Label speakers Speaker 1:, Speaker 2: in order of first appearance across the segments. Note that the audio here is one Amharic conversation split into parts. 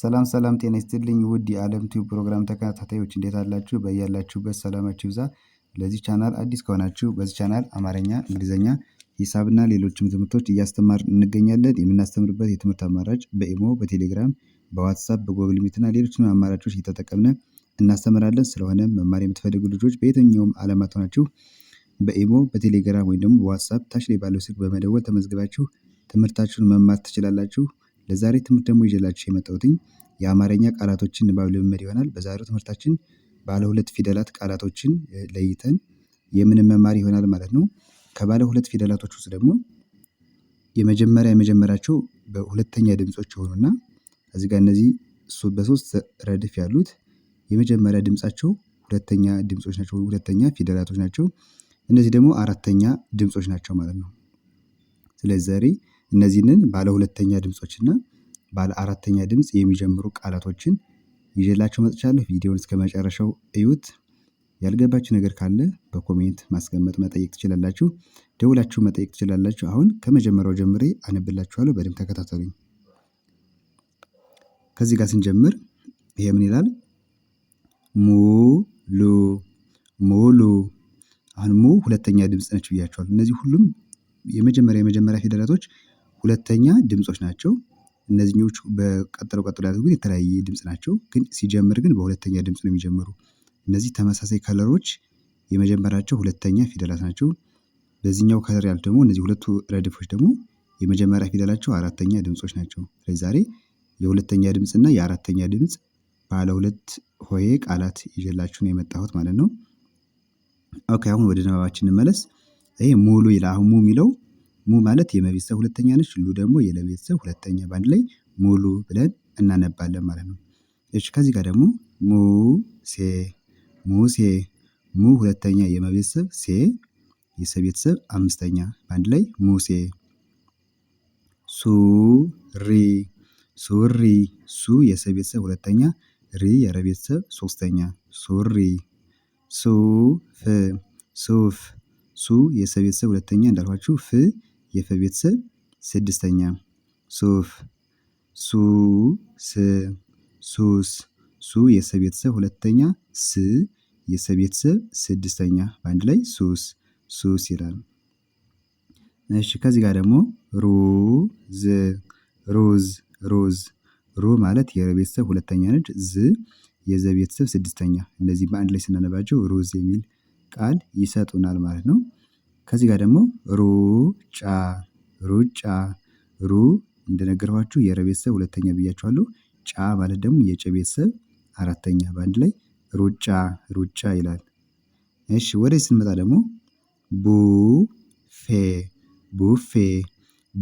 Speaker 1: ሰላም ሰላም ጤና ይስጥልኝ ውድ የዓለም ቲዩብ ፕሮግራም ተከታታዮች እንዴት አላችሁ? በያላችሁበት ሰላማችሁ ይብዛ። ለዚህ ቻናል አዲስ ከሆናችሁ በዚህ ቻናል አማርኛ፣ እንግሊዝኛ፣ ሂሳብና ሌሎችም ትምህርቶች እያስተማር እንገኛለን። የምናስተምርበት የትምህርት አማራጭ በኢሞ፣ በቴሌግራም፣ በዋትሳፕ፣ በጎግል ሚትና ሌሎችም አማራጮች እየተጠቀምነ እናስተምራለን። ስለሆነ መማር የምትፈልጉ ልጆች በየትኛውም አለማት ሆናችሁ በኢሞ፣ በቴሌግራም ወይም ደግሞ በዋትሳፕ ታች ላይ ባለው ስልክ በመደወል ተመዝግባችሁ ትምህርታችሁን መማር ትችላላችሁ። ለዛሬ ትምህርት ደግሞ ይዤላችሁ የመጣሁትኝ የአማርኛ ቃላቶችን ንባብ ልምምድ ይሆናል። በዛሬው ትምህርታችን ባለ ሁለት ፊደላት ቃላቶችን ለይተን የምንመማር ይሆናል ማለት ነው። ከባለ ሁለት ፊደላቶች ውስጥ ደግሞ የመጀመሪያ የመጀመሪያቸው በሁለተኛ ድምጾች የሆኑና እዚህ ጋር እነዚህ እሱ በሶስት ረድፍ ያሉት የመጀመሪያ ድምፃቸው ሁለተኛ ድምፆች ናቸው፣ ሁለተኛ ፊደላቶች ናቸው። እነዚህ ደግሞ አራተኛ ድምጾች ናቸው ማለት ነው። ስለዚህ ዛሬ እነዚህንን ባለ ሁለተኛ ድምጾችና ባለ አራተኛ ድምጽ የሚጀምሩ ቃላቶችን ይዤላችሁ መጥቻለሁ። ቪዲዮውን መጨረሻው እዩት። ያልገባችሁ ነገር ካለ በኮሜንት ማስቀመጥ መጠየቅ ትችላላችሁ፣ ደውላችሁ መጠየቅ ትችላላችሁ። አሁን ከመጀመሪያው ጀምሬ አነብላችኋለሁ። በደንብ ተከታተሉኝ። ከዚህ ጋር ስንጀምር ይሄ ምን ይላል? ሙሉ ሙሉ። አሁን ሙ ሁለተኛ ድምፅ ነች ብያቸዋል። እነዚህ ሁሉም የመጀመሪያ የመጀመሪያ ፊደላቶች ሁለተኛ ድምፆች ናቸው። እነዚህኞቹ በቀጥሎ ቀጥሎ ያሉት ግን የተለያየ ድምፅ ናቸው። ግን ሲጀምር ግን በሁለተኛ ድምፅ ነው የሚጀምሩ። እነዚህ ተመሳሳይ ከለሮች የመጀመሪያቸው ሁለተኛ ፊደላት ናቸው። በዚህኛው ከለር ያሉት ደግሞ እነዚህ ሁለቱ ረድፎች ደግሞ የመጀመሪያ ፊደላቸው አራተኛ ድምጾች ናቸው። ስለዚህ ዛሬ የሁለተኛ ድምፅ እና የአራተኛ ድምጽ ባለ ሁለት ሆሄ ቃላት ይዤላችሁ ነው የመጣሁት ማለት ነው። ኦኬ አሁን ወደ ንባባችን እንመለስ። ይሄ ሙሉ ይላል። አሁን ሙ የሚለው ሙ ማለት የመቤተሰብ ሁለተኛ ነች ሉ ደግሞ የለቤተሰብ ሁለተኛ በአንድ ላይ ሙሉ ብለን እናነባለን ማለት ነው። እሺ ከዚህ ጋር ደግሞ ሙሴ ሙሴ ሙ ሁለተኛ የመቤተሰብ ሴ የሰቤተሰብ አምስተኛ በአንድ ላይ ሙሴ። ሱሪ ሱሪ ሱ የሰቤተሰብ ሁለተኛ ሪ የረቤተሰብ ሶስተኛ ሱሪ። ሱፍ ሱፍ ሱ የሰቤተሰብ ሁለተኛ እንዳልኋችሁ ፍ የፈ ቤተሰብ ስድስተኛ ሱፍ ሱ ስ ሱስ ሱ የሰ ቤተሰብ ሁለተኛ ስ የሰ ቤተሰብ ስድስተኛ በአንድ ላይ ሱስ ሱስ ይላል። እሺ ከዚህ ጋር ደግሞ ሩዝ ሩዝ ሩዝ ሩ ማለት የረ ቤተሰብ ሁለተኛ ነች። ዝ የዘ ቤተሰብ ስድስተኛ። እነዚህ በአንድ ላይ ስናነባቸው ሩዝ የሚል ቃል ይሰጡናል ማለት ነው። ከዚህ ጋር ደግሞ ሩጫ ሩጫ ሩ እንደነገርኋችሁ የረ ቤተሰብ ሁለተኛ ብያችኋለሁ። ጫ ማለት ደግሞ የጨ ቤተሰብ አራተኛ በአንድ ላይ ሩጫ ሩጫ ይላል። እሺ ወደዚህ ስንመጣ ደግሞ ቡፌ ቡፌ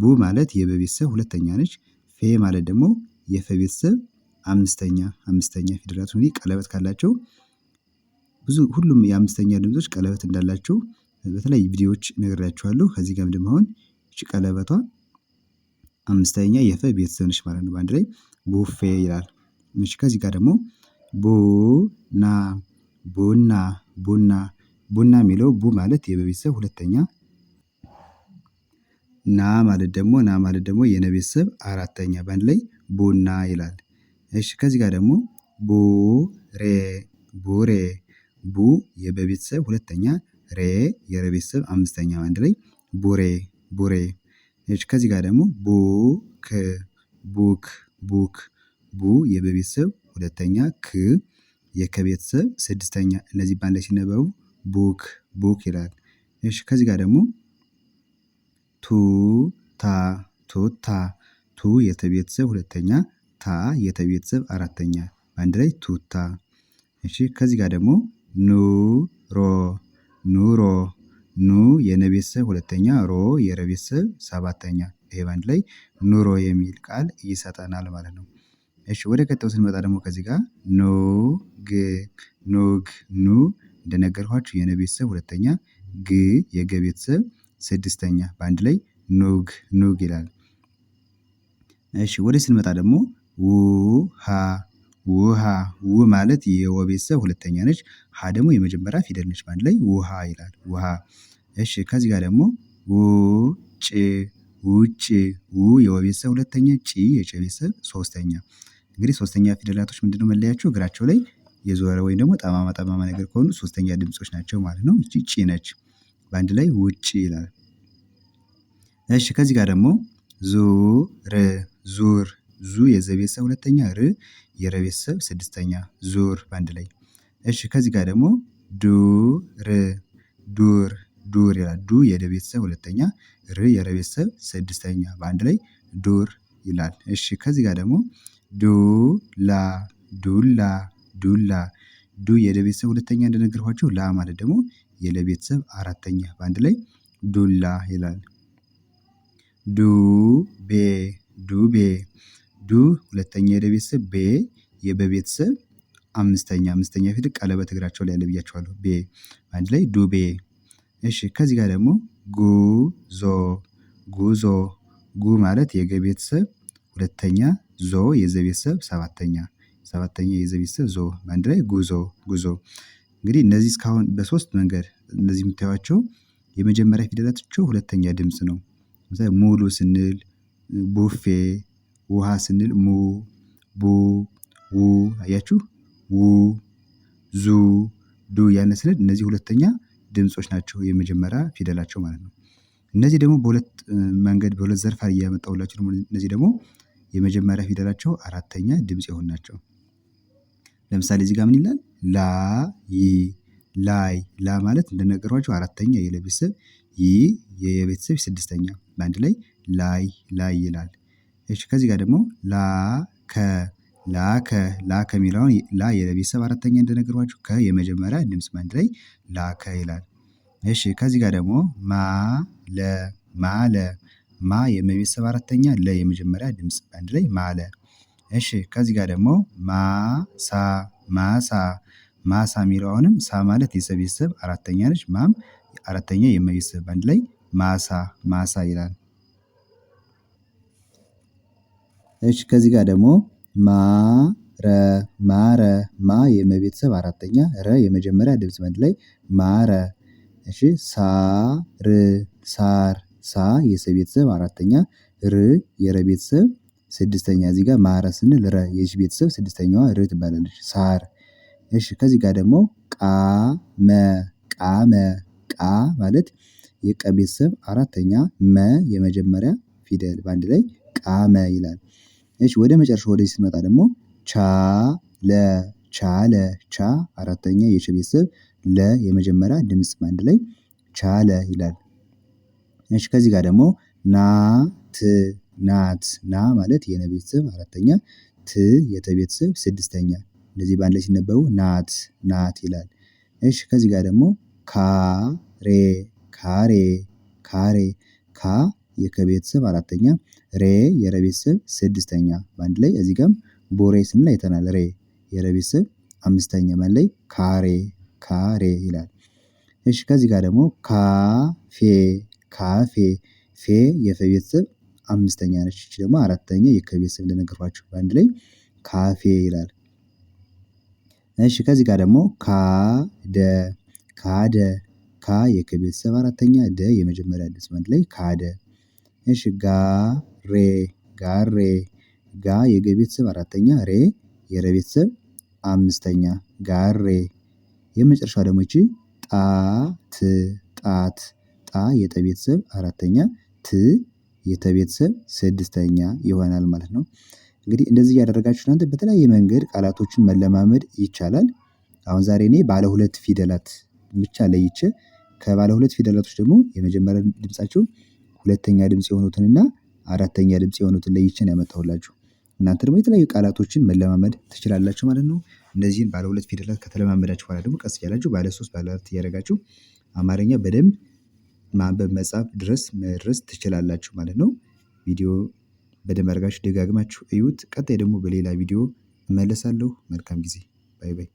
Speaker 1: ቡ ማለት የበ ቤተሰብ ሁለተኛ ነች። ፌ ማለት ደግሞ የፈ ቤተሰብ አምስተኛ አምስተኛ ፊደላት ቀለበት ካላቸው ብዙ ሁሉም የአምስተኛ ድምጾች ቀለበት እንዳላቸው በተለያዩ ቪዲዮዎች ነግሬያችኋለሁ። ከዚህ ጋርም ደግሞ አሁን እቺ ቀለበቷ አምስተኛ የፈ ቤተሰብ ነች ማለት ነው። በአንድ ላይ ቡፌ ይላል። እሺ ከዚህ ጋር ደግሞ ቡና ቡና ቡና ቡና የሚለው ቡ ማለት የበቤተሰብ ሁለተኛ ና ማለት ደግሞ ና ማለት ደግሞ የነቤተሰብ አራተኛ በአንድ ላይ ቡና ይላል። እሺ ከዚህ ጋር ደግሞ ቡሬ ቡሬ ቡ የበቤተሰብ ሁለተኛ ሬ የረ ቤተሰብ አምስተኛው አንድ ላይ ቡሬ ቡሬ። ከዚህ ጋር ደግሞ ቡክ ቡክ ቡክ ቡ የበቤተሰብ ሁለተኛ ክ የከቤተሰብ ስድስተኛ እነዚህ በአንድ ላይ ሲነበቡ ቡክ ቡክ ይላል። እሺ ከዚህ ጋር ደግሞ ቱታ ቱታ ቱ የተቤተሰብ ሁለተኛ ታ የተቤተሰብ አራተኛ በአንድ ላይ ቱታ። እሺ ከዚህ ጋር ደግሞ ኑሮ ኑሮ ኑ የነቤተሰብ ሁለተኛ ሮ የረቤተሰብ ሰባተኛ ይሄ ላይ ኑሮ የሚል ቃል ይሰጠናል ማለት ነው። እሺ ወደ ከተው ስንመጣ ደግሞ ከዚህ ጋር ኑግ ኑግ ኑ እንደነገርኋችሁ የነቤተሰብ ሁለተኛ ግ የገ ቤተሰብ ስድስተኛ በአንድ ላይ ኑግ ኑግ ይላል። እሺ ወደ ስንመጣ ደግሞ ውሃ ውሃ ው ማለት የወ ቤተሰብ ሁለተኛ ነች ሀ ደግሞ የመጀመሪያ ፊደል ነች በአንድ ላይ ውሃ ይላል ውሃ። እሺ ከዚህ ጋር ደግሞ ውጭ ውጭ ው የወ ቤተሰብ ሁለተኛ ጭ የጨ ቤተሰብ ሶስተኛ። እንግዲህ ሶስተኛ ፊደላቶች ምንድነው መለያቸው? እግራቸው ላይ የዞረ ወይም ደግሞ ጠማማ ጠማማ ነገር ከሆኑ ሶስተኛ ድምጾች ናቸው ማለት ነው። እቺ ጭ ነች በአንድ ላይ ውጭ ይላል። እሺ ከዚህ ጋር ደግሞ ዙር ዙር ዙ የዘ ሁለተኛ፣ ር የረ ስድስተኛ። ዙር በአንድ ላይ እሺ። ከዚህ ጋር ደግሞ ዱር ዱር ዱር ይላል። ዱ የደቤተሰብ ሁለተኛ፣ ር የረቤተሰብ ስድስተኛ። በአንድ ላይ ዱር ይላል። እሺ። ከዚህ ጋር ደግሞ ዱላ ዱላ ዱላ ዱ የደቤተሰብ ሁለተኛ እንደነገርኳቸው፣ ላ ማለት ደግሞ የለቤተሰብ አራተኛ። በአንድ ላይ ዱላ ይላል። ዱቤ ዱቤ ዱ ሁለተኛ የደ ቤተሰብ ቤ የበ ቤተሰብ አምስተኛ አምስተኛ ፊደል ቀለበት እግራቸው ላይ ያለ ቤ አንድ ላይ ዱቤ። እሺ ከዚህ ጋር ደግሞ ጉዞ ጉዞ ጉ ማለት የገ ቤተሰብ ሁለተኛ ዞ የዘ ቤተሰብ ሰባተኛ ሰባተኛ የዘ ቤተሰብ ዞ አንድ ላይ ጉዞ ጉዞ። እንግዲህ እነዚህ እስካሁን በሶስት መንገድ እነዚህ የምታዩቸው የመጀመሪያ ፊደላቸው ሁለተኛ ድምፅ ነው። ሙሉ ስንል ቡፌ ውሃ ስንል ሙ ቡ ው አያችሁ ው ዙ ዱ ያነ ስንል እነዚህ ሁለተኛ ድምጾች ናቸው የመጀመሪያ ፊደላቸው ማለት ነው። እነዚህ ደግሞ በሁለት መንገድ በሁለት ዘርፍ እያመጣሁላችሁ እነዚህ ደግሞ የመጀመሪያ ፊደላቸው አራተኛ ድምጽ የሆኑ ናቸው። ለምሳሌ እዚህ ጋር ምን ይላል ላ ይ ላይ ላ ማለት እንደነገሯቸው አራተኛ የለቤተሰብ ይ የቤተሰብ ስድስተኛ በአንድ ላይ ላይ ላይ ይላል እሺ ከዚህ ጋር ደግሞ ላከ ላከ ላከ የሚለውን ላ የቤተሰብ አራተኛ እንደነገርኳችሁ ከ የመጀመሪያ ድምጽ መንድ ላይ ላከ ይላል። እሺ ከዚህ ጋር ደግሞ ማ ለ ማለ ማ የመቤተሰብ አራተኛ ለ የመጀመሪያ ድምጽ መንድ ላይ ማለ። እሺ ከዚህ ጋር ደግሞ ማሳ ማሳ ማሳ የሚለው ሳ ማለት የሰ ቤተሰብ አራተኛ ነች ማም አራተኛ የመ ቤተሰብ በአንድ ላይ ማሳ ማሳ ይላል። እሺ ከዚህ ጋር ደግሞ ማ ረ ማረ ማ የመቤተሰብ አራተኛ ረ የመጀመሪያ ድምጽ መድ ላይ ማረ። እሺ ሳ ር ሳር ሳ የሰ ቤተሰብ አራተኛ ር የረ ቤተሰብ ስድስተኛ እዚህ ጋር ማረ ስንል ረ የሽ ቤተሰብ ስድስተኛዋ ር ትባላለች ሳር። እሺ ከዚህ ጋር ደግሞ ቃመ ቃመ ቃ ማለት የቀ ቤተሰብ አራተኛ መ የመጀመሪያ ፊደል በአንድ ላይ ቃመ ይላል እሺ ወደ መጨረሻ ወደዚህ ስትመጣ ደግሞ ቻ ለ ቻ ለ ቻ አራተኛ የች ቤተሰብ ለ የመጀመሪያ ድምጽ በአንድ ላይ ቻለ ይላል። እሺ ከዚህ ጋር ደግሞ ና ት ናት ና ማለት የነ ቤተሰብ አራተኛ ት የተ ቤተሰብ ስድስተኛ እንደዚህ በአንድ ላይ ሲነበቡ ናት ናት ይላል። እሺ ከዚህ ጋር ደግሞ ካሬ ካሬ ካሬ ካ የከቤተሰብ አራተኛ ሬ የረቤተሰብ ስድስተኛ በአንድ ላይ እዚህ ጋም ቦሬ ስንል አይተናል። ሬ የረቤተሰብ አምስተኛ ማለት ላይ ካሬ ካሬ ይላል። እሺ ከዚህ ጋር ደግሞ ካፌ ካፌ ፌ የፈቤተሰብ አምስተኛ ነች። ደግሞ አራተኛ የከቤተሰብ እንደነገርኳችሁ በአንድ ላይ ካፌ ይላል። እሺ ከዚህ ጋር ደግሞ ካደ ካደ ካ የከቤተሰብ አራተኛ ደ የመጀመሪያ ድምፅ በአንድ ላይ ካደ እሺ ጋ ሬ ሬ ጋ የገ ቤተሰብ አራተኛ ሬ የረ ቤተሰብ አምስተኛ ጋሬ። የመጨረሻ ደግሞ ይቺ ጣት ጣት ጣ የጠ ቤተሰብ አራተኛ ት የተ ቤተሰብ ስድስተኛ ይሆናል ማለት ነው። እንግዲህ እንደዚህ እያደረጋችሁ እናንተ በተለያየ መንገድ ቃላቶችን መለማመድ ይቻላል። አሁን ዛሬ እኔ ባለ ሁለት ፊደላት ብቻ ለይቼ ከባለ ሁለት ፊደላቶች ደግሞ የመጀመሪያ ድምጻቸው ሁለተኛ ድምፅ የሆኑትንና አራተኛ ድምፅ የሆኑትን ለይችን ያመጣሁላችሁ። እናንተ ደግሞ የተለያዩ ቃላቶችን መለማመድ ትችላላችሁ ማለት ነው። እነዚህን ባለ ሁለት ፊደላት ከተለማመዳችሁ በኋላ ደግሞ ቀስ እያላችሁ ባለ ሶስት ባለ አራት እያደረጋችሁ አማርኛ በደንብ ማንበብ መጻፍ ድረስ መድረስ ትችላላችሁ ማለት ነው። ቪዲዮ በደንብ አድርጋችሁ ደጋግማችሁ እዩት። ቀጣይ ደግሞ በሌላ ቪዲዮ እመለሳለሁ። መልካም ጊዜ ባይ ባይ